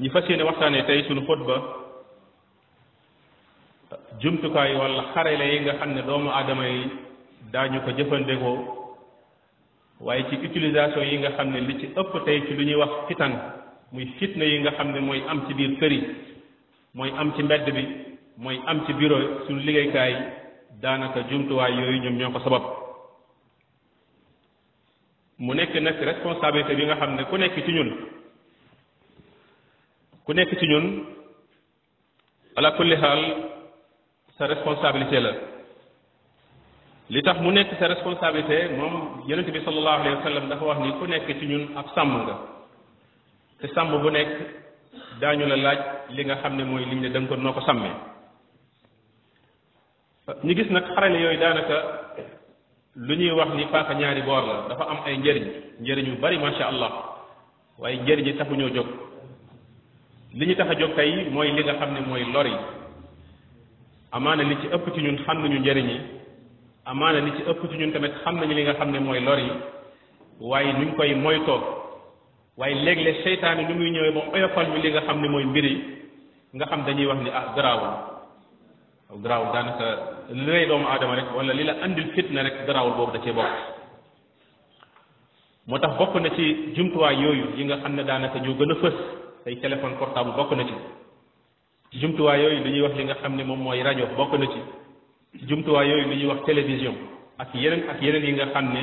ñu fas yéene waxtaanee tey suñu ba jumtukaay wala xarala yi nga xam ne doomu aadama yi daañu ko jëfandikoo waaye ci utilisation yi nga xam ne li ci ëpp tey ci lu ñuy wax fitan muy fitna yi nga xam ne mooy am ci biir kër mooy am ci mbedd bi mooy am ci bureau suñu liggéeykaay daanaka jumtuwaay yooyu ñoom ñoo ko sabab mu nekk nag responsabilité bi nga xam ne ku nekk ci ñun ku nekk ci ñun ala kulli xaal sa responsabilité la li tax mu nekk sa responsabilité moom yonent bi sallallahu alayhi dafa wax ni ku nekk ci ñun ab sàmm nga te sàmm bu nekk daañu la laaj li nga xam ne mooy lim ne da noo ko sàmmee ñu gis nag xarale yooyu daanaka lu ñuy wax ni paaka ñaari boor la dafa am ay njëriñ njëriñ yu bari masha allah waaye njëriñ yi taxuñoo jóg li ñu tax a jóg tey mooy li nga xam ne mooy lor yi amaana li ci ëpp ci ñun xam nañu njëriñ yi amaana li ci ëpp ci ñun tamit xam nañu li nga xam ne mooy lor yi waaye nuñ koy moytoo waaye léeg-léeg seytaane muy ñëwee ba oyofal ñu li nga xam ne mooy mbir nga xam dañuy wax ni ah garaawul garaawul daanaka li lay doomu aadama rek wala li la andil fitna rek garaawul boobu da cee bokk moo tax bokk na ci jumtuwaay yooyu yi nga xam ne daanaka ñoo gën a fës. ay téléphone portable bokk na ci jumtuwaay yooyu li ñuy wax li nga xam ne moom mooy rajo bokk na ci jumtuwaay yooyu li ñuy wax télévision ak yeneen ak yeneen yi nga xam ne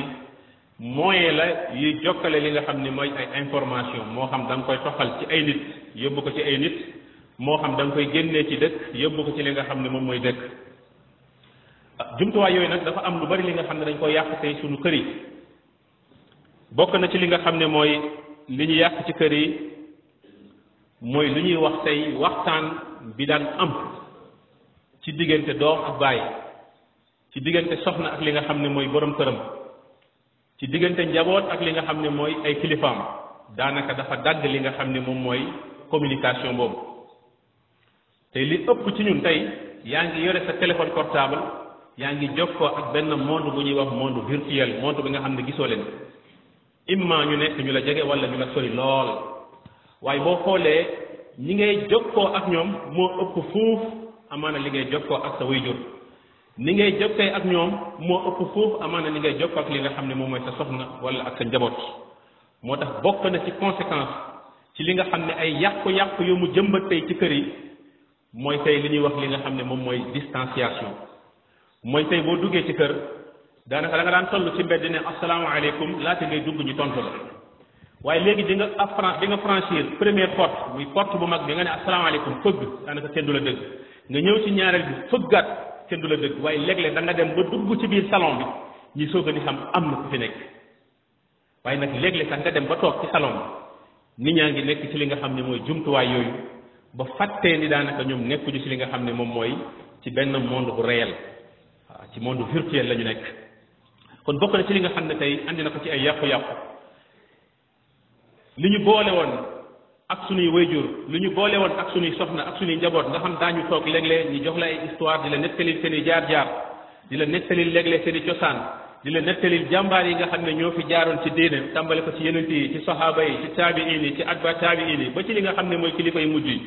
moyen la yuy jokkale li nga xam ne mooy ay information moo xam da koy toxal ci ay nit yóbbu ko ci ay nit moo xam da koy génnee ci dëkk yóbbu ko ci li nga xam ne moom mooy dëkk ah, jumtuwaay yooyu nag dafa am lu bari li nga xam ne dañ koy yàq tey sunu kër yi bokk na ci li nga xam ne mooy li yàq ci kër yi mooy lu ñuy wax tey waxtaan bi daan am ci diggante doom ak baay ci diggante soxna ak li nga xam ne mooy boroom këram ci diggante njaboot ak li nga xam ne mooy ay kilifaam daanaka dafa dàgg li nga xam ne moom mooy communication boobu te li ëpp ci ñun tey yaa ngi yore sa téléphone portable yaa ngi jokkoo ak benn monde bu ñuy wax monde virtuel monde bi nga xam ne gisoo leen imma ñu nekk ñu la jege wala ñu la sori lool. waaye boo xoolee ñi ngay jokkoo ak ñoom moo ëpp fuuf amaana li ngay jokkoo ak sa wayjur ni ngay jokkee ak ñoom moo ëpp fuuf amaana li ngay jokkoo ak li nga xam ne moom mooy sa soxna wala ak sa njaboot moo tax bokk na ci conséquence ci li nga xam ne ay yàqu-yàqu yu mu jëmbat tey ci kër yi mooy tey li ñuy wax li nga xam ne moom mooy distanciation mooy tey boo duggee ci kër daanaka da nga daan toll ci mbedd ne asalaamaaleykum laata ngay dugg ñu tontu la. waaye léegi di nga affran di nga franchir première porte muy porte bu mag bi nga ne asalaamaaleykum fëgg daanaka kenn du la dëgg nga ñëw ci ñaareel bi fëggaat kenn du la dëgg waaye léeg-léeg da dem ba dugg ci biir salon bi soo soog a di xam am ku fi nekk waaye nag léeg sax nga dem ba toog ci salon bi nit ñaa ngi nekk ci li nga xam ne mooy jumtuwaay yooyu ba fàttee ni daanaka ñoom nekkuñu ci li nga xam ne moom mooy ci benn monde bu réel waaw ci monde la ñu nekk kon bokk ci li nga xam ne tey andi na ko ci ay yàqu-yàqu li ñu boole woon ak suñuy wayjur lu ñu boole woon ak suñuy soxna ak suñuy njaboot nga xam ñu toog léeg-léeg ñu jox la ay histoire di la jaar-jaar di la nettalil léeg-léeg seen i cosaan di la jàmbaar yi nga xam ne ñoo fi jaaroon ci diine tàmbale ko ci yonent yi ci saxaaba yi ci taabiin yi ci atba taabiin yi ba ci li nga xam ne mooy kilifa yu mujj yi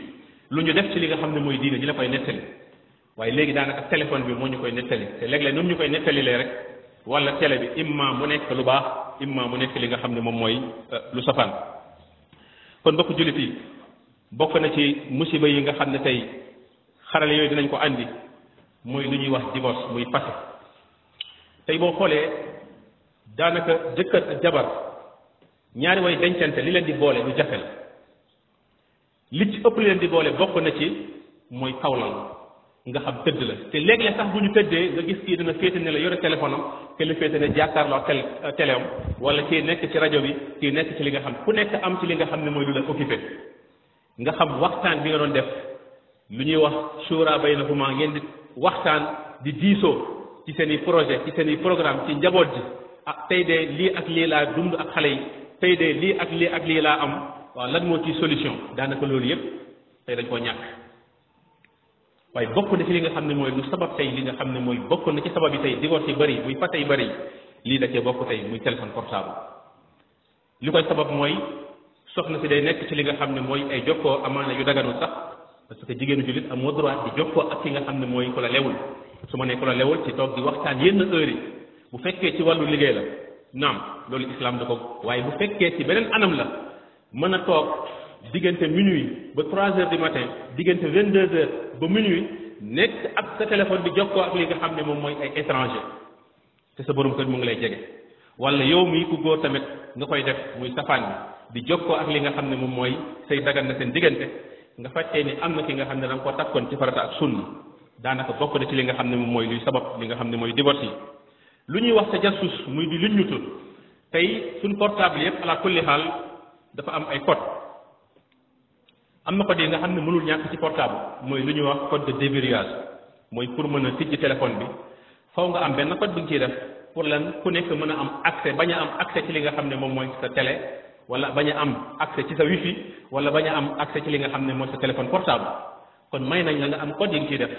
lu ñu def ci li nga xam ne mooy diine di la koy nettali waaye léegi daanaka téléphone bi moo ñu koy nettali te léeg ñu koy nettalilee rek wala télé bi imma mu nekk lu baax imma mu nekk li nga xam ne moom mooy euh, lu safaan kon mbokk jullit yi bokk na ci musiba yi nga xam ne tey xarale yooyu dinañ ko andi mooy lu ñuy wax divorce muy passé tey boo xoolee daanaka jëkkër ak jabar ñaari way dencante li leen di boole lu jafe la li ci ëpp li leen di boole bokk na ci mooy kawlal nga xam tëdd la te léegi la sax bu ñu tëddee nga gis kii dina féete ne la yore téléphone am te li féete ne jàkkaarloo tel télé am wala kii nekk ci rajo bi kii nekk ci li nga xam ku nekk am ci li nga xam ne mooy lu la occupé nga xam waxtaan bi nga doon def lu ñuy wax shura baynahuma ngeen di waxtaan di diisoo ci seen i projet ci seen i programme ci njaboot ji ak tey de lii ak lii laa dund ak xale yi tey de lii ak lii ak lii laa am waaw lan moo ci solution daanaka loolu yëpp tey dañ koo ñàkk waaye bokk na ci li nga xam ne mooy lu sabab tey li nga xam ne mooy bokk na ci sabab yi tey divorce yi bëri muy fas yi bëri lii da cee bokk tey muy téléphone portable li koy sabab mooy soxna si day nekk ci li nga xam ne mooy ay jokkoo amaana yu daganul sax parce que jigéenu jullit amoo droit di jokkoo ak ki nga xam ne mooy ku la lewul su ma nee ku la lewul ci toog di waxtaan yenn heure yi bu fekkee ci wàllu liggéey la naam loolu islam da ko waaye bu fekkee ci beneen anam la mën a toog diggante minuit ba trois heures du matin diggante vingt deux heures ba minuit nekk ak sa bi di jokkoo ak li nga xam ne moom mooy ay étranger te sa borom kër mu ngi lay jege wala yow mii ku góor tamit nga koy def muy safaan bi di jokkoo ak li nga xam ne moom mooy say dagan na seen diggante nga fàttee ni am na ki nga xam ne da nga koo takkoon ci farata ak sunna daanaka bokk na ci li nga xam ne moom mooy luy sabab li nga xam ne mooy divorce yi lu ñuy wax sa jasus muy di luñ ñu tey suñ portable yëpp ala kulli xaal dafa am ay code am na code yi nga xam ne mënul ñàkk ci portable mooy lu ñuy wax code de déverrouillage mooy pour mën a tijji téléphone bi faw nga am benn code bi nga ciy def ku nekk mën a am accès bañ am accès li nga xam ne moom mooy sa tele wala bañ a am accès ci sa wifi wala bañ a am accès ci li nga xam ne mooy sa téléphone portable kon may nañ la nga am code yi nga ciy def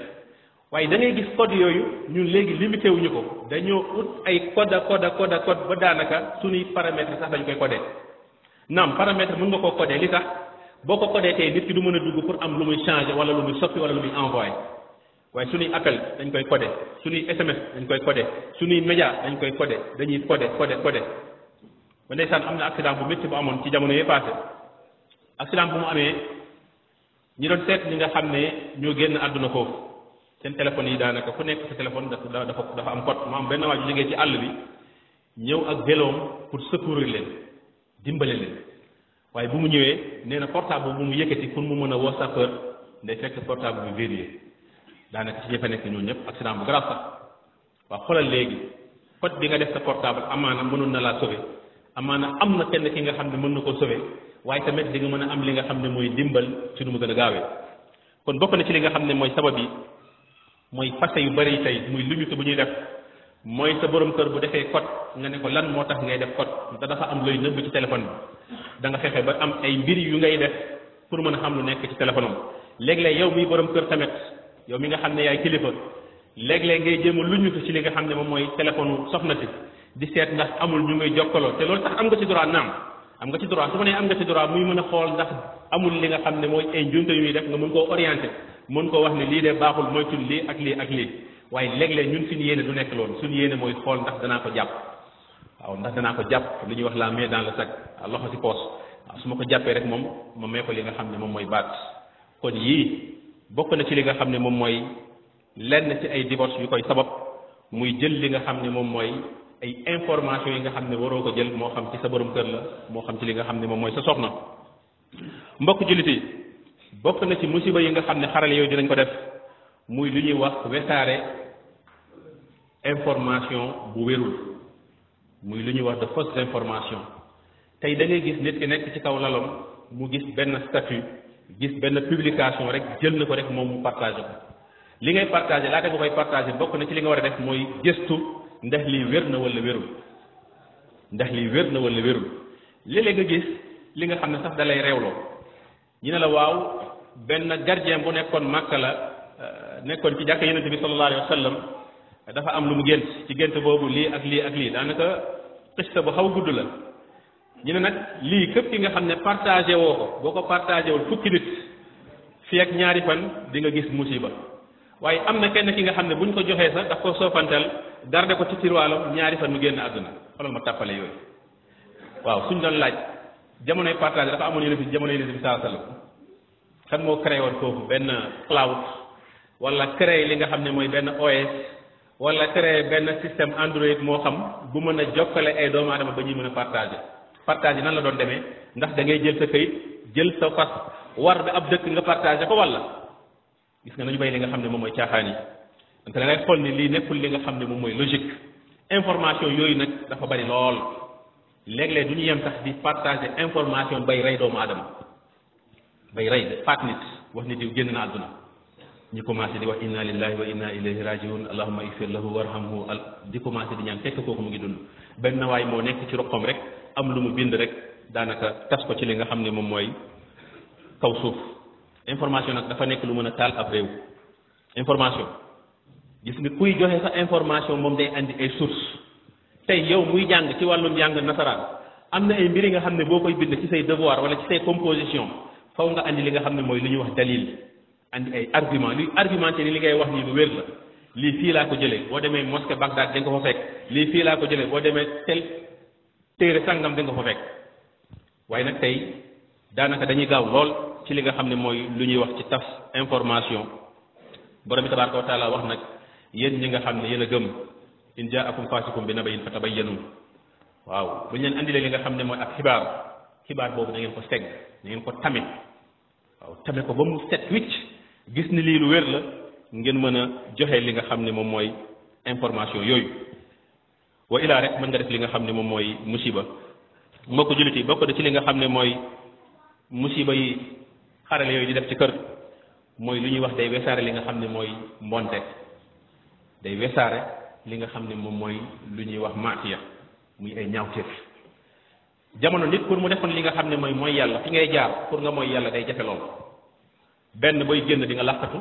waaye da ngay gis code yooyu ñun léegi limité wuñu ko dañoo ut ay code code code code ba daanaka suñuy paramètres sax dañ koy codé naam paramètre mën nga koo codé li boo ko connecté nit ki du mën a dugg pour am lu muy changé wala lu muy soppi wala lu muy envoyé waaye suñuy appel dañ koy codé suñuy SMS dañ koy codé suñuy média dañ koy codé dañuy codé codé codé ba ndeysaan am na accident bu métti bu amoon ci jamono yee passé accident bu mu amee ñi doon seet ñi nga xam ne ñoo génn àdduna foofu seen téléphone yi daanaka ku nekk sa téléphone dafa dafa am code mu am benn waaju liggéey ci àll bi ñëw ak véloom pour secourir leen waaye bu mu ñëwee nee na portable bu mu yëkkati pour mu mën a woo sapeur nday fekk portable bi verrouillé daanaka ci fa nekk ñoom ñëpp accident bu grave sax waa xoolal léegi code bi nga def sa portable amaana mënoon na laa sauver amaana am na kenn ki nga xam ne mën na koo sauver waaye tamit di nga mën a am li nga xam ne mooy ndimbal ci nu mu gën a gaawee kon bokk na ci li nga xam ne mooy sabab yi mooy fase yu bari tey muy lu bu ñuy def mooy sa borom kër bu defee code nga ne ko lan moo tax ngay def code te dafa am looy nëbb ci téléphone bi da nga fexe ba am ay mbir yu ngay def pour mëna xam lu nekk ci téléphone am lég leeg yow mi borom kër tamet yow mi nga xam ne yaay kilifa lég leeg ngay jéem a luñu ci li nga xam ne moom mooy téléphone soxna ci di seet ndax amul ñu ngay jokkaloo te loolu tax am nga ci droit naam am nga ci droit su ma nee am nga ci droit muy mën a xool ndax amul li nga xam ne mooy ay njumte yu muy def nga mën koo orienté mën koo wax ne lii de baaxul tul lii ak lii ak lii waaye léeg-léeg ñun suñu yéene du nekk loolu suñu yéene mooy xool ndax danaa ko jàpp waaw ndax danaa ko jàpp lu ñuy wax la mais dans la sac loxo si poos waaw su ma ko jàppee rek moom ma may ko li nga xam ne moom mooy baat kon yii bokk na ci li nga xam ne moom mooy lenn ay divorce yu koy sabab muy jël li nga xam ne moom mooy ay information yi nga xam ne waroo ko jël moo xam ci sa borom kër la moo xam ci li nga xam ne moom mooy sa soxna mbokk jullit yi bokk na ci musiba yi nga xam ne xarale yooyu dinañ ko def muy lu ñuy wax wesaare information bu wérul muy lu ñuy wax de fausse information tey da ngay gis nit ki nekk ci kaw lalom mu gis benn statut gis benn publication rek jël na ko rek moom mu partagé ko li ngay partagé laata nga koy partagé bokk na ci li nga war a def mooy gëstu ndax lii wér na wala wérul ndax lii wér na wala wérul léeg-léeg nga gis li nga xam ne sax da lay reewloo ñu ne la waaw benn gardien bu nekkoon màkka la euh, nekkoon ci jàkk yonente bi sallallahu alayhi dafa am lu mu gént ci gént boobu lii ak lii ak lii daanaka xista bu xaw gudd la ñu ne nag lii këpp ki nga xam ne partagé woo ko boo ko partagé wul fukki nit fii ak ñaari fan di nga gis musiba waaye am na kenn ki nga xam ne bu ñu ko joxee sax daf ko soofantal garde ko ci tirwaalam ñaari fan mu génn àdduna xoolal ma tàppale yooyu waaw suñ doon laaj jamonoy partagé dafa amoon yonent bi jamono yonent bi saa sallam kan moo créé woon foofu benn cloud wala li nga xam ne mooy benn wala créer ben système Android mo xam bu meuna jokalé ay doom aadama ba ñuy mën partager partager nan la doon démé ndax da ngay jël sa kayit jël sa fas war bi ab dëkk nga partager ko wala gis nga ñu bay li nga xamné ne moy mooy ante da ngay xol ni li nekkul li nga xamné ne moy logique information yooyu nak dafa bari lool lég lég duñu yem sax di partager information bay ray doom aadama bay ray faat nit wax nit yi génn na àdduna ñu commencé di wax inna lillahi wa inna ilayhi rajiun allahumma igfir lahu warhamhu di commencé di ñaan fekk kooku mu ngi dund benn waay moo nekk ci roqam rek am lu mu bind rek daanaka tas ko ci li nga xam ne moom mooy information nag dafa nekk lu mën a ab réew information gis nga kuy joxe sa information moom day andi ay source tey yow muy jàng ci wàllum jàng nasaraan am ay mbir nga xam ne bind ci say devoir wala ci say composition faw nga andi li nga xam ne mooy lu wax dalil andi ay argument luy argumenté ni li ngay wax nii lu wér la lii fii laa ko jëlee boo demee mosquée Bagdad da nga ko fa fekk lii fii laa ko jëlee boo demee tel téere sàngam da nga ko fa fekk waaye nag tey daanaka dañuy gaaw lool ci li nga xam ne mooy lu ñuy wax ci taf information borom bi tabaraka wa taala wax nag yéen ñi nga xam ne yéen a gëm in jaakum fasikum bi nabayin fa tabayyanu waaw bu ñu leen andilee li nga xam ne mooy ak xibaar xibaar boobu da ko segg da gis ni lii lu wér la ngeen mën a joxe li nga xam ne moom mooy information yooyu wa illaa rek mën nga def li nga xam ne moom mooy musiba mbokk jullit yi bokk na ci li nga xam ne mooy musiba yi xarale yooyu di def ci kër mooy lu ñuy wax day wesaare li nga xam ne mooy mbonte day wesaare li nga xam ne moom mooy lu ñuy wax ya muy ay ñaawteef jamono nit pour mu defoon li nga xam ne mooy mooy yàlla fi ngay jaar pour nga mooy yàlla day jafe lool benn booy génn di nga laqatu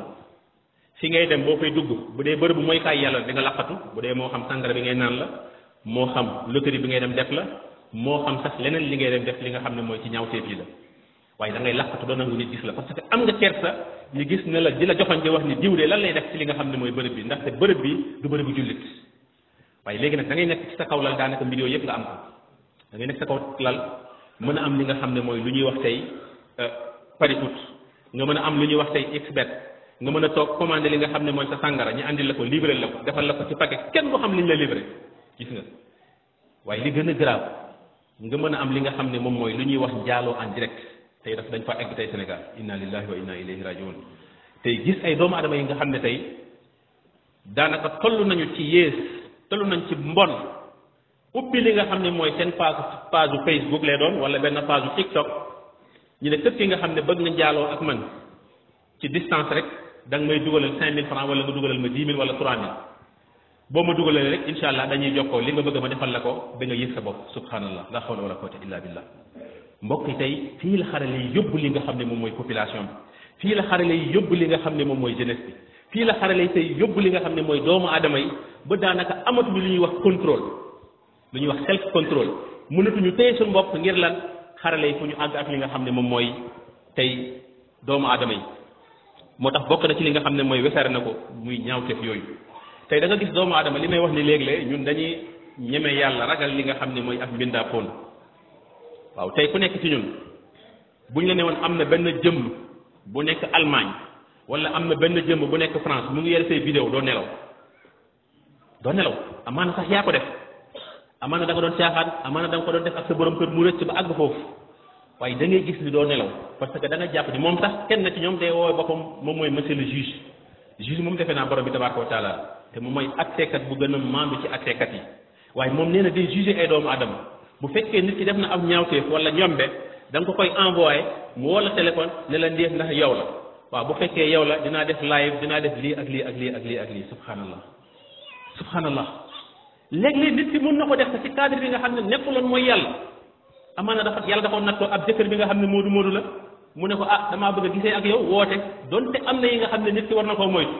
fi ngay dem boo koy dugg bu dee bërëb bu mooy kaay yàlla di nga laqatu bu dee moo xam sàngara bi ngay naan la moo xam loterie bi ngay dem def la moo xam sax leneen li ngay dem def li nga xam ne mooy ci ñaawteef yi la waaye da ngay laqatu doo nangu nit la parce que am nga kersa ñu gis ne la di la lan lay def ci nga xam ne mooy bërëb bi ndaxte bërëb bi du bërëbu jullit waaye léegi nag da ngay nekk ci sa kaw lal daanaka mbir yooyu yëpp nga am ko da ngay nekk sa kaw lal mën a am li nga xam ne mooy lu ñuy wax tey euh, pari nga mën a am lu ñuy wax tey xbet nga mën a toog commandé li nga xam ne mooy sa sàngara ñu andil la ko livré la ko defal la ko ci paquet kenn du xam li ñu la livré gis nga waaye li gën a grave nga mën a am li nga xam ne moom mooy lu ñuy wax njaaloo en direct tey daf dañ fa egg tey Sénégal inna lillahi wa inna ilayhi rajiun tey gis ay doomu adama yi nga xam ne tey daanaka toll nañu ci yées toll nañ ci mbon ubbi li nga xam ne mooy seen page page Facebook lay doon wala benn page TikTok ñu ne képp ki nga xam ne bëgg nga jaaloo ak man ci distance rek da nga may dugalal cinq mille francs wala nga dugalal ma dix mille wala trois mille boo ma dugalee rek incha allah dañuy jokkoo li nga bëgg ma defal la ko da nga yëg sa bopp subhanallah la hawla wala quwwata illa billah mbokk yi tey fii la xarale yi yóbbu li nga xam ne moom mooy population bi fii la xarale yi yóbbu li nga xam ne moom mooy jeunesse bi fii la xarale yi tey yóbbu li nga xam ne mooy doomu aadama yi ba daanaka amatuñu li ñuy wax contrôle lu ñuy wax self contrôle mënatuñu téye suñ bopp ngir lan xarale yi fu ñu àgg ak li nga xam ne moom mooy tey doomu aadama yi moo tax bokk na ci li nga xam ne mooy wesaare na ko muy ñaaw ñaawteef yooyu tey da gis doomu aadama li may wax ni léeg-léeg ñun dañuy ñeme yàlla ragal li nga xam ne mooy ak mbindaapoon waaw tey ku nekk ci ñun buñ la ne woon am na benn jëmm bu nekk Allemagne wala am na benn jëmm bu nekk France mu ngi yore say vidéo doo nelaw doo nelaw amaana sax yaa ko def amaana da nga doon caaxaan amaana da nga ko doon def ak sa borom kër mu rëcc ba àgg foofu waaye da gis ni doo nelaw parce que da jàpp ni moom sax kenn ci ñoom day woowee boppam moom mooy monsieur le juge juge moom defe naa borom bi tabaraka wa taala te moom mooy atteekat bu gën a maandu ci atteekat yi waaye moom nee na day juger ay doomu aadama bu fekkee nit ki def na am ñaawteef wala ñombe da nga ko koy envoyé mu woo la téléphone ne la ndeef ndax yow la waaw bu fekkee yow la dinaa def live dinaa def lii ak lii ak lii ak lii ak lii subhanallah subhanallah léeg-léeg nit ki mun na ko def ci cadre bi nga xam ne nekkuloon mooy yàlla amaana dafa yàlla dafa nattoo ab jëkkër bi nga xam ne moodu moodu la mu ne ko ah damaa bëgg a gisee ak yow woote am na yi nga xam ne nit war na koo moytu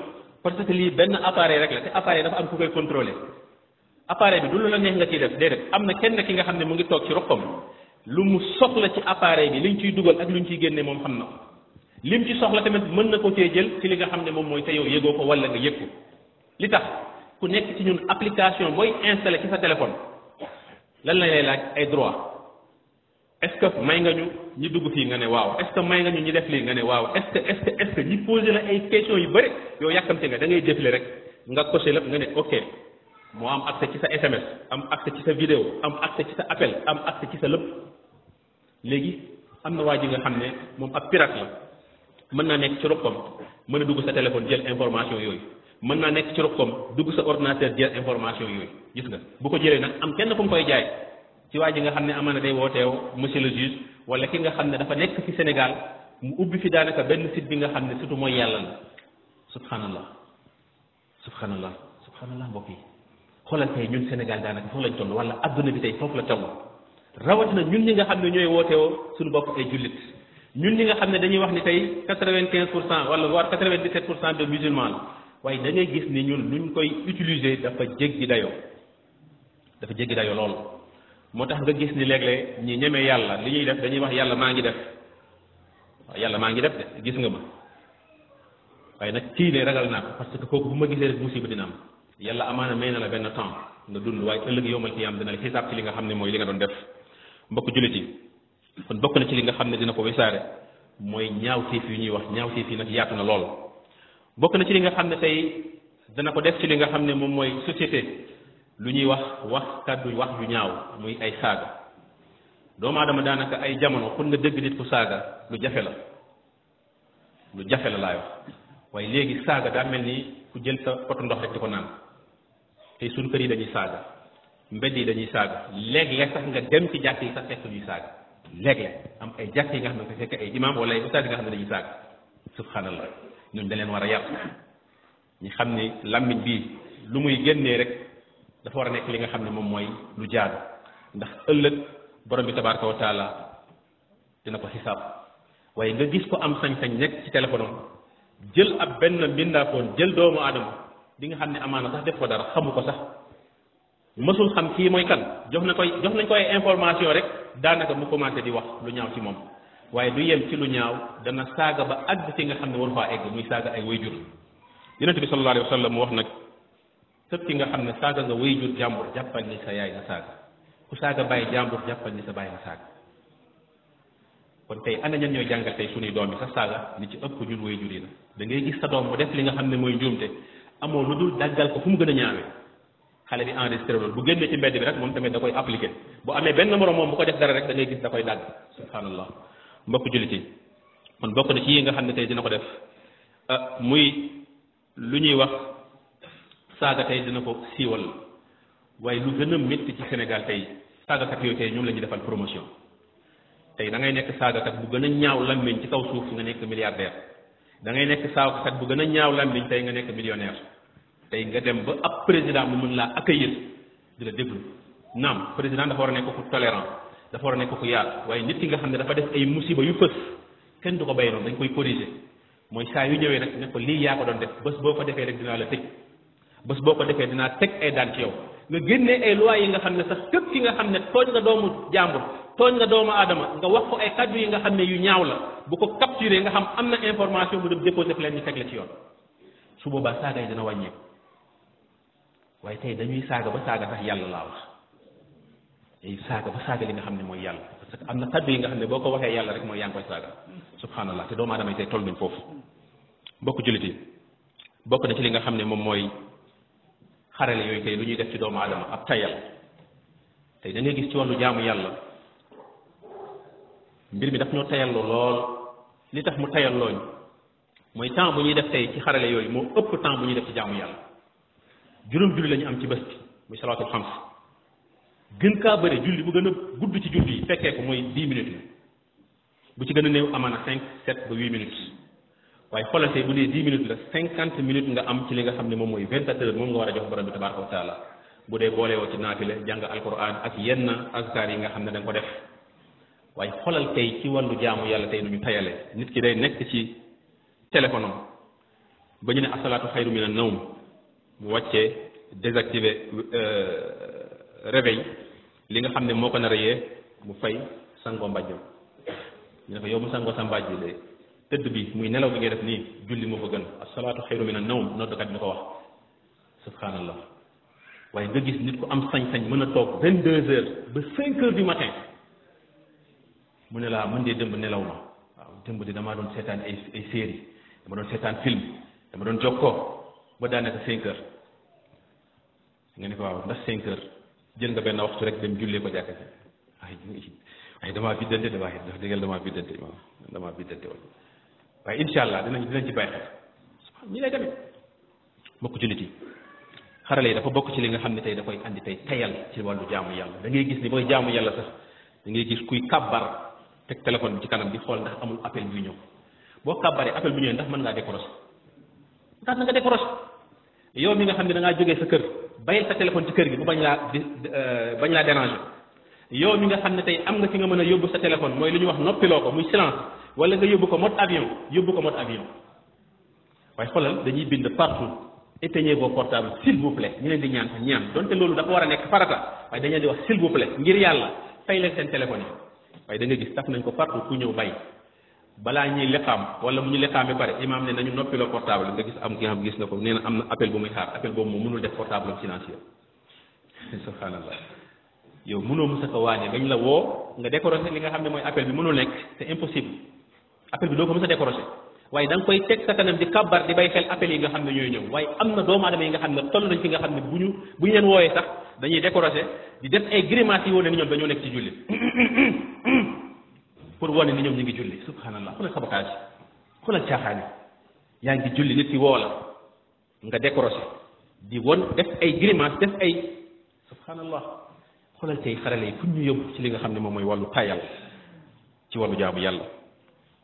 parce lii benn appareil rek la te appareil dafa am ku koy contrôler la ciy def déedéet am na kenn ki nga xam ne mu ngi toog ci rokkam lu mu soxla ci appareil bi liñ ciy dugal ak luñ ciy génne moom xam na ko lim soxla tamit mën na ko cee jël ci li nga xam ne moom mooy te yow yëgoo ko wala nga yëg ko li tax ku nekk ci ñun application booy installé ci sa téléphone lan lañ lay laaj ay droit est may nga ñu ñi dugg fii nga ne waaw est may nga ñu ñi def lii nga ne waaw est-ce que est ñi posé la ay questions yu bëri yow yàkkamte nga da ngay défile rek nga coché lépp nga ne ok moo am accès ci sa SMS am accès ci sa vidéo am accès ci sa appel am accès ci sa lépp léegi am na waa ji nga xam ne moom ab pirate la mën naa nekk ci roppam mën a dugg sa téléphone jël information yooyu mën na nekk ci roqam dugg sa ordinateur jël information yooyu gis nga bu ko jëlee nag am kenn fu mu koy jaay ci waa ji nga xam ne amaana day wooteew monsieur le juge wala ki nga xam ne dafa nekk fi Sénégal mu ubbi fi daanaka benn site bi nga xam ne surtout mooy yàlla la subhanallah subhanallah subhanallah mbokk yi xoolal tey ñun Sénégal daanaka foofu lañ toll wala adduna bi tey foofu la toll na ñun ñi nga xam ne ñooy wooteewoo suñu bokk ay jullit ñun ñi nga xam ne dañuy wax ni tey 95% pour cent wala voire 97% pour cent de musulmans la waaye da gis ni ñun nuñ koy utiliser dafa jéggi dayoo dafa jéggi dayoo lool moo tax nga gis ni léeg-léeg ñi ñeme yàlla li ñuy def dañuy wax yàlla maa ngi def yàlla maa ngi def de gis nga ma waaye nag kii ragal naa ko parce que kooku bu ma gisee rek musiba dina am yàlla amaana may na la benn temps nga dund waaye ëllëg yowmal qiyaam dina la xisaab ci li nga xam ne mooy li nga doon def mbokk jullit yi kon bokk na ci li nga xam ne dina ko wisaare mooy ñaawteef yu ñuy wax ñaawteef yi nag yaatu na lool bokk na ci li nga xam ne tey dana ko def ci li nga xam ne moom mooy société lu ñuy wax wax kàddu wax yu ñaaw muy ay saaga doomu aadama daanaka ay jamono pour nga dégg nit ku saaga lu jafe la lu jafe la laay wax waaye léegi saaga daa mel nii ku jël sa potu ndox rek di ko naan tey suñ kër yi dañuy saaga mbedd yi dañuy saaga léeg-léeg sax nga dem ci jàkk yi sax fekk ñuy saaga léeg am ay jàkk yi nga xam ne fekk ay imaam wala ay ustaas yi nga xam ne dañuy saaga subhanallah ñun da leen war a yar ñu xam ni làmmiñ bii lu muy génnee rek dafa war a nekk li nga xam ne moom mooy lu jaadu ndax ëllëg borom bi tabaraka wa dina ko xisaab waaye nga gis ko am sañ-sañ nekk ci téléphone jël ab benn mbindaafoon jël doomu aadama bi nga xam ne amaana sax def ko dara xamu ko sax mësul xam kii mooy kan jox na koy jox nañ koy information rek daanaka mu commencé di wax lu ñaaw ci moom waaye du yem ci lu ñaaw dana saaga ba àgg fi nga xam ne waru faa egg muy saaga ay wayjur yonent bi sallallahu alayhi wa sallam wax nag sëpp ki nga xam ne saaga nga wayjur jàmbur jàppal ni sa yaay nga saaga ku saaga bàyyi jàmbur jàppal ni sa bàyyi nga saaga kon tey ana ñan ñooy jàngal tey suñuy doom yi sa saaga li ci ëpp ñun wayjur yi la da ngay gis sa doom bu def li nga xam ne mooy njuumte amoo lu dul daggal ko fu mu gën a ñaawee xale bi enregistré loolu bu génnee ci mbedd bi rek moom tamit da koy appliqué bu amee benn moroom moom ko def rek da ngay gis da koy dagg subhanallah mbokk jullit yi kon bokk na ci yi nga xam ne tey dina ko def ah, muy lu ñuy wax saaga tey dina ko siiwal waaye lu gën a métti ci Sénégal tey saagakat yooyu tey ñoom la ñuy defal promotion tey da ngay nekk saagakat bu gën a ñaaw làmmiñ ci kaw suuf nga nekk milliardaire da ngay nekk saagakat bu gën a ñaaw làmmiñ tey nga nekk millionnaire tey nga dem ba ab président mu mën laa accueillir di la déglu naam président dafa war a nekk ku tolérant dafa war a nekk ku yaatu waaye nit ki nga xam ne dafa def ay musiba yu fës kenn du ko bay noonu dañ koy corriger mooy saa yu ñëwee rek ne ko lii yaa ko doon def bés boo ko defee rek dinaa la tëj bés boo ko defee dinaa teg ay daan yow nga génnee ay loi yi nga xam ne sax képp ki nga xam ne tooñ nga doomu jàmbur tooñ nga doomu aadama nga wax ko ay kàddu yi nga xam ne yu ñaaw la bu ko capturé nga xam am na information bu dem déposé leen ñu teg la ci yoon su boobaa saaga yi dina wàññeeku waaye tey dañuy saaga ba saaga sax yàlla saaga ba saaga li nga xam ne mooy yàlla parce que am na kàddu yi nga xam ne boo ko waxee yàlla rek mooy yaa ngi koy saaga subhanallah te doomu aadama yi tey toll nañ foofu bokk jullit yi bokk na ci li nga xam ne moom mooy xarale yooyu tey lu ñuy def ci doomu aadama ab tayal tey da ngay gis ci wàllu jaamu yàlla mbir mi daf ñoo tayalloo lool li tax mu tayallooñ mooy temps bu ñuy def tey ci xarale yooyu moo ëpp temps bu ñuy def ci jaamu yàlla juróom julli la am ci bés bi muy salaatul xams gën kaa bëri julli bu gën a gudd ci julli yi fekkee ko mooy dix minutes bu ci gën a néew amaana cinq sept ba huit minutes waaye xoolal tey bu dee dix minutes la cinquante minutes nga am ci li nga xam ne moom mooy vingt quatre moom nga war a jox borom bi tabaraka wa taala bu dee boole woo ci naafile jàng alquran ak yenn azkar yi nga xam ne da ko def waaye xoolal tey ci wàllu jaamu yàlla tey nu ñu tayale nit ki day nekk ci téléphone ba ñu ne asalaatu xayru mina nawm mu réveil li nga xam ne moo ko nar a yee mu fay sangoo mbàjjam ñu ne ko yow mu sa mbàjj tëdd bi muy nelaw bi ngay def nii julli moo ko gën asalaatu xayru mina nawm noddkat bi ko wax subhanallah waaye nga gis nit ku am sañ-sañ mën a toog vingt deux heures ba cinq heures du matin mu ne laa mën dee dëmb nelaw ma waaw dëmb di damaa doon seetaan ay ay dama doon seetaan film dama doon jokkoo ba daanaka cinq heures nga ne ko waaw ndax cinq heures jël nga benn waxtu rek dem jullee ko jàkka ji waaye waaye damaa biddante de waaye dafa dëggal damaa biddante waaw damaa biddante woon waaye incha allah dinañ dinañ ci bàyyi xel ñi lay demee mbokk jullit yi xarale yi dafa bokk ci li nga xam ne tey da koy andi tey tayal ci wàllu jaamu yàlla da ngay gis ni booy jaamu yàlla sax da gis kuy kàbbar teg téléphone bi ci kanam bi xool ndax amul appel buy ñëw boo kàbbaree appel bu ñëw ndax mën ngaa décrocher ndax nga décrocher yow bayil sa téléphone ci kër gi bu bañ laa di euh, bañ laa déranger yow mi nga xam ne tey am nga fi nga mën a yóbbu sa téléphone mooy lu ñu wax noppiloo ko muy silence wala nga yóbbu ko mode avion yóbbu ko mode avion waaye xoolal dañuy bind partout éteignez vos portables s'il vous plaît ñu leen di ñaan sax ñaan donte loolu dafa war a nekk farata waaye dañ leen di wax s'il vous ngir yàlla fay leen seen téléphone yi waaye da nga gis taf nañ ko partout ku ñëw bay balaa ñuy liqaam wala bu ñu liqaam bi pare imaam ne nañu noppi la portable nga gis am ki nga xam gis na ko nee na am na appel bu muy xaar appel boobu moom mënul def portable am silencieux subhanallah yow mënoo mos ko waane dañ la woo nga décroché li nga xam ne mooy appel bi mënul nekk c'est impossible appel bi doo ko mos a waaye da koy teg sa kanam di kabar di bay xel appel yi nga xam ne ñooy ñëw waaye am na doomu aadama yi nga xam ne toll nañ nga xam ne bu ñu bu leen woowee sax dañuy décroché di def ay grimaces yi ñoom dañoo nekk ci pour wane ni ñoom ñu ngi julli subhanallah xoolal sabotage xoolal caaxaan yi yaa ngi julli nit ki woo la nga décroché di won def ay grimace def ay subhanallah xoolal tey xarale yi fu ñu yóbbu ci li nga xam ne moom mooy wàllu tayal ci wàllu jaamu yàlla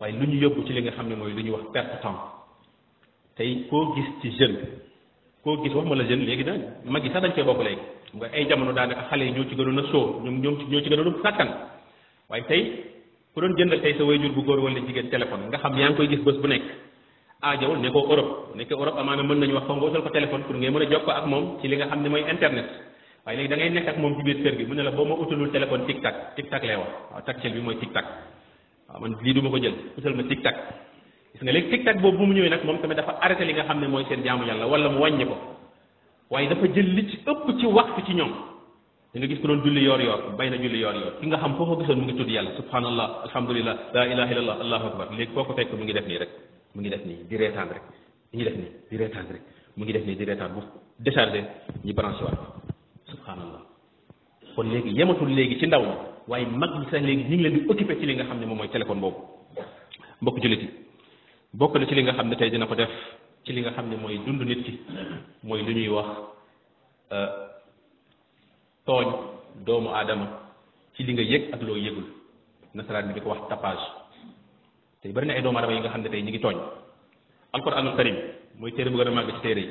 waaye lu ñu yóbbu ci li nga xam ne mooy lu ñuy wax perte temps tey koo gis ci jeune koo gis wax ma la jeune léegi daal mag yi sax dañ cee bokk léegi nga ay jamono daanaka xale yi ñoo ci gënoon a sóor ñoom ñoom ci gënoon a sàkkan waaye tey ku doon jënd tey sa wayjur bu góor wala jigéen téléphone nga xam yaa ngi koy gis bés bu nekk aajawul ne ko Europe nekk Europe amaana mën nañu wax fa nga wutal ko téléphone pour ngay mën a jokkoo ak moom ci li nga xam ne mooy internet waaye boo ma utalul waaw man lii du ko jël utal ma tic tac gis nga léegi tic tac boobu mu ñëwee nag moom tamit dafa arrêté li nga xam ne mooy seen jaamu yàlla wala mu wàññi ko waaye dafa jël li ci ëpp ci waxtu ci ñoom di nga gis ko doon julli yoor yoor bay na julli yoor yoor ki nga xam foo ko gisoon mu ngi tudd yàlla subhanallah alhamdulilah la ilaha illallah allahu akbar léegi foo ko fekk mu ngi def nii rek mu ngi def nii di reetaan rek mu ngi def nii di reetaan rek mu ngi def nii di reetaan bu déchargé ñu branché subhanallah kon léegi yematul léegi ci ndaw ma waaye mag ñi sax léegi ñu ngi leen di occupé ci li nga xam ne moom mooy téléphone boobu mbokk jullit ci li nga xam ne tey dina ko def ci li nga xam ne mooy dund nit ki mooy lu ñuy wax euh, tooñ doomu aadama ci li nga yëg ak loo yëgul nasaraan bi di ko wax tapage tey bari na ay doomu aadama yi nga xam ne tey ñu ngi tooñ alquranul karim mooy téere bu gën a màgg ci téere yi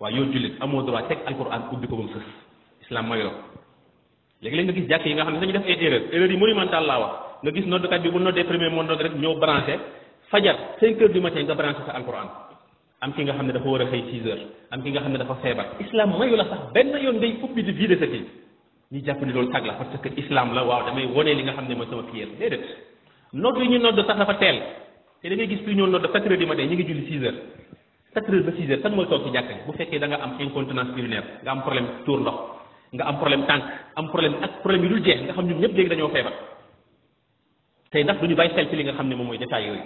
waaye yow jullit amoo droit teg alquran la léegi-léeg nga gis jàkk yi nga xam ne dañu def ay erreur erreur yi monumentale laa wax nga gis noddukat bi bu noddee premier moom nodd rek ñëw branché fajar cinq heures du am ki nga xam ne dafa war a xëy six heures am ki nga xam ne dafa feebar islam mayu la sax benn yoon ngay ubbi di vidé sa kii ñu jàpp ni loolu tag la parce que islam la waaw damay wone li nga xam ne mooy sama prière déedéet nodd yi ñu nodd sax dafa teel te da ngay gis fi ñoo nodd quatre heures du matin ñu ngi julli six heures quatre heures ba six heures kan mooy toog da nga am incontinence urinaire nga am problème tuur ndox nga am problème tànk am problème ak problème yu xam ñun ñëpp léegi dañoo feebar tey ndax du ñu bàyyi xel li nga xam ne moom mooy détail yooyu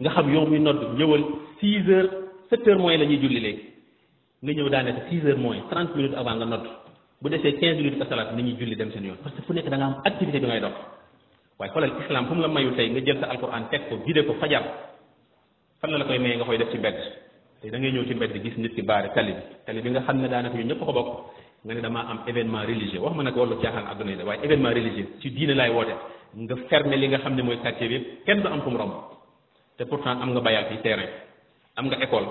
nga xam yow muy nodd ñëwal six heures sept heures la ñuy julli léegi nga ñëw daanaka six heures mooy trente minutes avant nga nodd bu desee quinze minutes ba salaat nañuy julli dem seen yoon parce que fu nekk da am activité bi ngay dox waaye xoolal islam fu mu la mayu tey nga jël sa alquran teg ko vidé ko fajar fan la la koy maye nga koy def ci mbedd te da ngay ñëw ci mbedd gis nit ki baare tali bi tali bi nga xam ne daanaka ñun ñëpp ko bokk nga ne damaa am événement religieux wax ma nag wàllu caaxaan àdduna yi la waaye événement religieux ci diine laay woote nga fermer li xam ne mooy quartier bi yëpp kenn du am fu mu romb te pourtant nga bayal fii terrain am nga école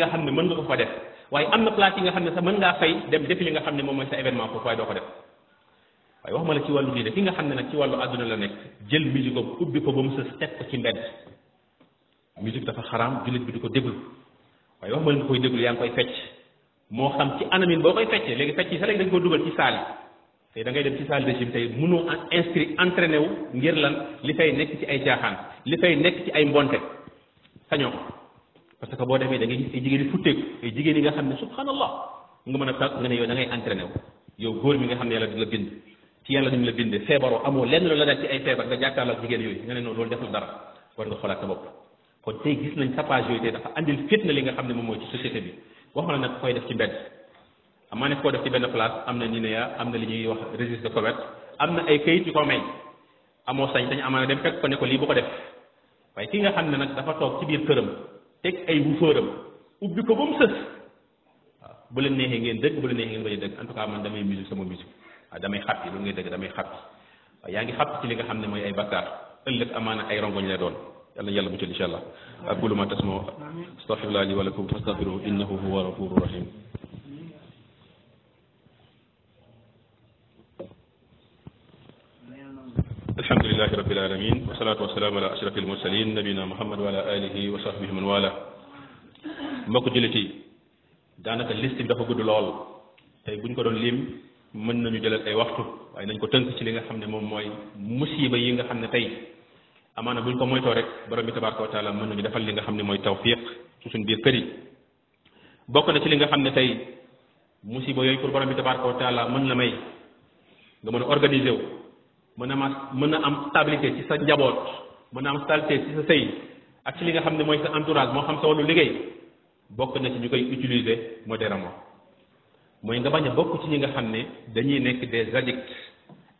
nga xam ne mën nga ko fa def waaye am na place yi nga xam ne sax mën ngaa fay dem defi li nga xam ne moom mooy sa événement foofu waaye doo ko def waaye wax ma la ci wàllu diine fi nga xam ne nag ci wàllu àdduna la nekk jël musique am ubbi ko ba mu sës teg ko ci mbedd musique dafa xaram jullit bi di ko déglu waaye wax ma la nga koy déglu yaa ngi koy fecc moo xam ci anamin boo koy feccee léegi fecc yi sax léegi dañ ko dugal ci saal yi tey da ngay dem ci saal de gym tey mënoo inscrit entraîné wu ngir lan li fay nekk ay jaaxaan li fay nekk ci ay mbonte parce que boo demee da ngay futteeku ay jigéen nga xam ne subhanallah nga mën a tàgg nga ne yow da ngay entraîné wu yow góor mi nga xam ne yàlla dina bind ci yàlla ni la bindee feebaroo amoo lenn la daal ci ay feebar nga jàkkaarloo ak jigéen yooyu nga ne noonu loolu deful dara war nga xoolaat sa bopp kon tey gis nañ tapage yooyu tey dafa andil fitna li nga xam ne moom mooy ci société bi wax na nag koy def ci mbedd amaa ne koo def ci benn place am na NINEA am na li ñuy wax am na ay kayit yu ko may amoo sañ dañ amaana dem fekk ko ne ko lii bu ko def waaye ki nga xam ne nag dafa toog ci biir këram teg ay bu fëram ubbi ko ba mu sës waaw bu leen neexee ngeen dëgg bu leen neexee ngeen bañ a dëgg en tout cas man damay musique sama musique waaw damay xàppi loolu ngay dëgg damay xàppi waaw yaa ngi xàppi ci li nga xam ne mooy ay bakkaar ëllëg amaana ay rongoñ la doon yàlla yàlla muccal incha allah aqulu ma tasmo astaghfirullah li wa lakum fastaghfiruhu innahu huwa ghafurur rahim الحمد لله رب العالمين والصلاة والسلام على أشرف المرسلين نبينا محمد وعلى آله وصحبه من والاه مكو جلتي دانك ليست دا فغود لول تاي بو نكو دون ليم من نانيو جلال اي وقت واي نانكو تنك سي ليغا خامني موم موي مصيبه ييغا خامني تاي امانه بو نكو مويتو رك بروم تبارك وتعالى من نانيو دافال ليغا خامني موي توفيق سي سون بير كري بوكو نا سي ليغا خامني تاي مصيبه يوي بور بروم تبارك وتعالى من لا ماي nga mën a organiser mën a ma mën a am stabilité ci sa njaboot mën a am stabilité ci sa sëy ak ci li nga xam ne mooy sa entourage moo xam sa wàllu liggéey bokk na ci ñu koy utiliser modérément mooy nga bañ a bokk ci ñi nga xam ne dañuy nekk des addicts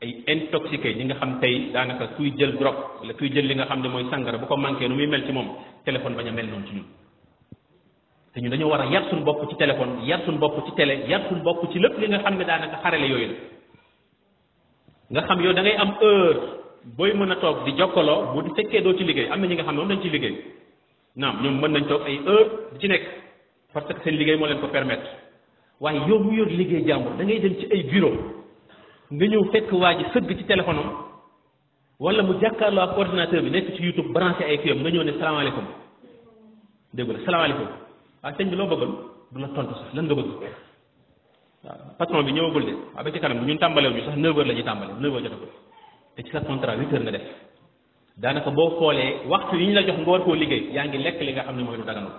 ay intoxiqué ñi nga xam tey daanaka kuy jël drogue wala kuy jël li nga xam ne mooy sàngara bu ko manqué nu muy mel ci moom téléphone bañ a mel noonu ci te ñu dañoo war a yar suñ bopp ci téléphone yar suñ bopp ci télé yar suñ bopp ci lépp li nga xam ne yooyu nga xam yow da ngay am heure booy mën a toog di jokkaloo bu di fekkee doo ci liggéey am na ñi nga xam ne moom dañ ci liggéey naam ñoom mën nañ toog ay heure di ci nekk parce que seen liggéey moo leen ko permettre waaye yow mu yor liggéey jàmbur da ngay dem ci ay bureau nga ñëw fekk waa ji sëgg ci téléphone am wala mu jàkkaarloo ak ordinateur bi nekk ci YouTube branché ay fiyam nga ñëw ne salaamaaleykum dégg la salaamaaleykum waaye sëñ bi loo la bëgg waaw patron bi ñëwagul de waaw ba ci kanam bu ñun tàmbalew ñu sax 9h la ñuy tàmbale 9h jotagul te ci sa contrat 8h nga def daanaka boo xoolee waxtu yi ñu la jox nga war koo liggéey yaa ngi lekk li nga xam ne mooy lu daganul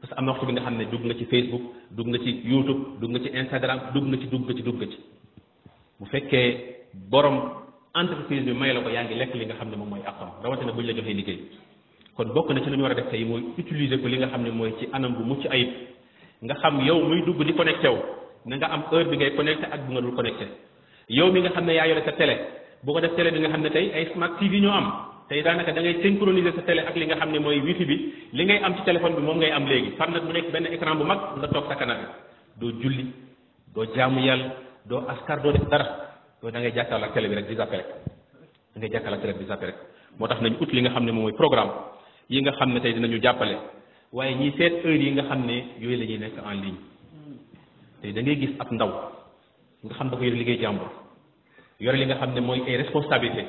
parce que am na waxtu bi nga xam ne dugg nga ci Facebook dugg nga ci YouTube dugg nga ci Instagram dugg nga ci dugg nga ci dugg nga ci bu fekkee borom entreprise bi may la ko yaa ngi lekk li nga xam ne moom mooy àqam rawatina bu ñu la joxee liggéey kon bokk na ci lu ñu war a def tey mooy utiliser ko li nga xam ne mooy ci anam bu mucc ayib nga xam yow muy dugg di connecté wu na nga am heure bi ngay connecté ak bu nga dul connecté yow mi nga xam ne yaa yore sa télé boo ko def télé bi nga xam ne tey ay smart TV ñoo am tey daanaka dangay ngay synchroniser sa télé ak li nga xam ne mooy wifi bi li ngay am ci bi moom ngay am léegi far nag mu benn écran bu mag nga toog sa canapé doo julli doo jaamu yàlla doo askar doo def dara yow da ngay jàkkaarloo ak télé bi di zappé rek da ngay bi di rek moo tax nañu ut li nga xam ne moom mooy programme yi nga xam ne tey dina ñu jàppale waaye ñii seet heure yi nga xam ne yooyu la ñuy nekk en ligne te da ngay gis ab ndaw nga xam dafa yore liggéey jàmbur yore li nga xam ne mooy ay responsabilité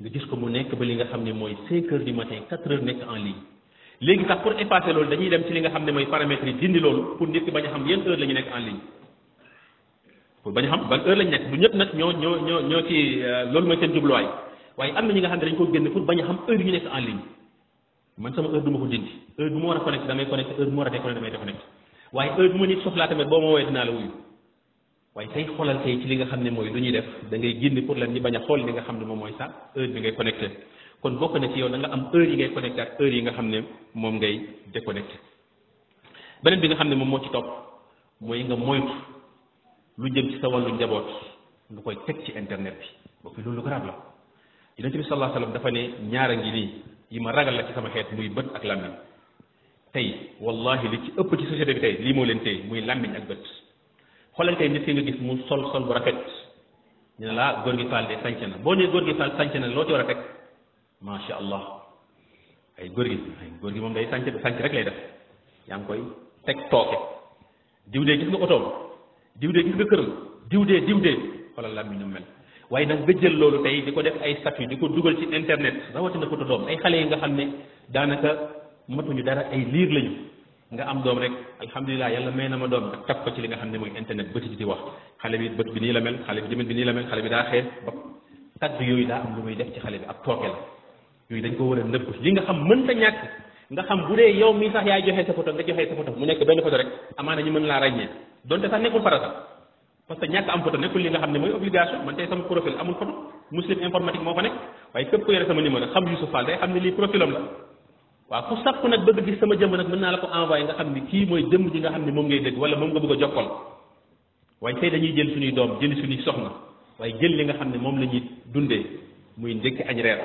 nga gis ko mu nekk ba li nga xam ne mooy cinq heures du matin quatre heures nekk en ligne léegi sax pour effacer loolu dañuy dem ci li nga xam ne mooy parametre yi dindi loolu pour nit ki bañ a xam yan heure la ñu nekk en ligne pour bañ a xam ban heure la ñu nekk bu ñëpp nag ñoo ñoo ñoo ñoo ci euh, loolu mooy seen jubluwaay waaye am na ñi nga xam ne dañ ko génn pour bañ a xam heure yi ñu nekk en ligne man ma ko dindi waaye heure bu ma nit soxlaa tamit boo ma woowee dinaa la wuyu waaye tey xoolal tey ci li nga xam ne mooy lu ñuy def da ngay génn pour lan ñi bañ a xool li nga xam ne moom mooy sa heure bi kon bokk na yow da nga am heure yi ngay connecté ak xam ne moom ngay déconnecté beneen bi nga xam ne moom moo ci topp mooy nga moytu lu jëm ci sa wàllu njaboot nga koy teg ci internet bi bokk loolu lu grave la yonent bi sallallahu alayhi wa sallam ne ñaara ngi nii ma ragal la ci sama xeet muy bët ak làmmiñ tey wallahi li ci ëpp ci société bi tey lii moo leen tey muy làmmiñ ak bët xoolal tey nit ki nga gis mu sol sol bu rafet ñu laa góor gi faal de sànc na boo nee góor gi faal sànc na loo ci teg macha gi ay góor gi moom day sànc sànc rek lay def yaa ngi koy teg tooke diw dee gis nga otoom diw dee gis nga këram diw dee xoolal làmmiñ ñu mel waaye nag nga jël loolu tey di ko def ay statut di ko dugal ci internet rawatina ko doom ay xale yi nga xam ne daanaka matuñu dara ay liir lañu nga am doom rek alhamdulilah yàlla may na ma doom nga teg ko ci li nga xam ne mooy internet bëti ci di wax xale bi bët bi nii la mel xale bi jëmit bi nii la mel xale bi daa xees ba tagg yooyu daa am lu muy def ci xale bi ak tooke la yooyu dañ ko war a nëbb li nga xam mënta ñàkk nga xam bu dee yow mii sax yaay joxe sa photo nga joxe sa photo mu nekk benn photo rek amaana ñu mën laa ràññee donte sax nekkul farata parce que waaw ku sàkku nag bëgg gis sama jëmm nag mën naa la ko envoyé nga xam ni kii mooy jëmm ji nga xam ni moom ngay dégg wala moom nga bëgg a jokkal waaye tey dañuy jël suñuy doom jëli suñuy soxna waaye jël li nga xam ne moom la ñuy dundee muy ndékki añ reer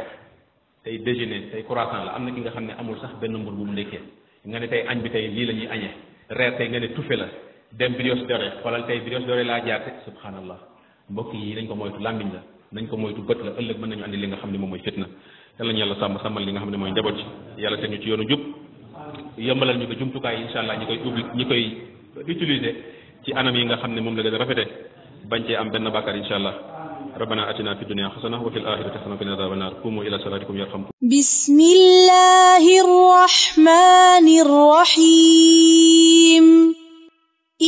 tey déjeuner tey croissant la am na ki nga xam ne amul sax benn mbur bu mu ndékkee nga ne tey añ bi tey lii la ñuy añee reer tey nga ne tufe la dem brioche dorée xoolal tey brioche dorée laa jaarte subhanallah mbokk yi nañ ko moytu làmmiñ la nañ ko moytu bët la ëllëg mën nañu andi li nga xam ne moom mooy fitna yal nañu yàlla sàmm sàmmal li nga xam ne mooy njaboot ci yàlla teg ñu ci yoonu jub yombalal ñu ko jumtukaay incha allah ñi koy ubbi ñi koy utiliser ci anam yi nga xam ne moom la gën a rafete bañ cee am benn bàkkaar incha allah ربنا آتنا في الدنيا حسنة وفي الآخرة حسنة وقنا عذاب النار قوموا إلى صلاتكم يرحمكم بسم الله الرحمن الرحيم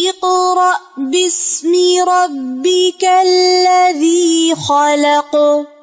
اقرأ باسم ربك الذي خلق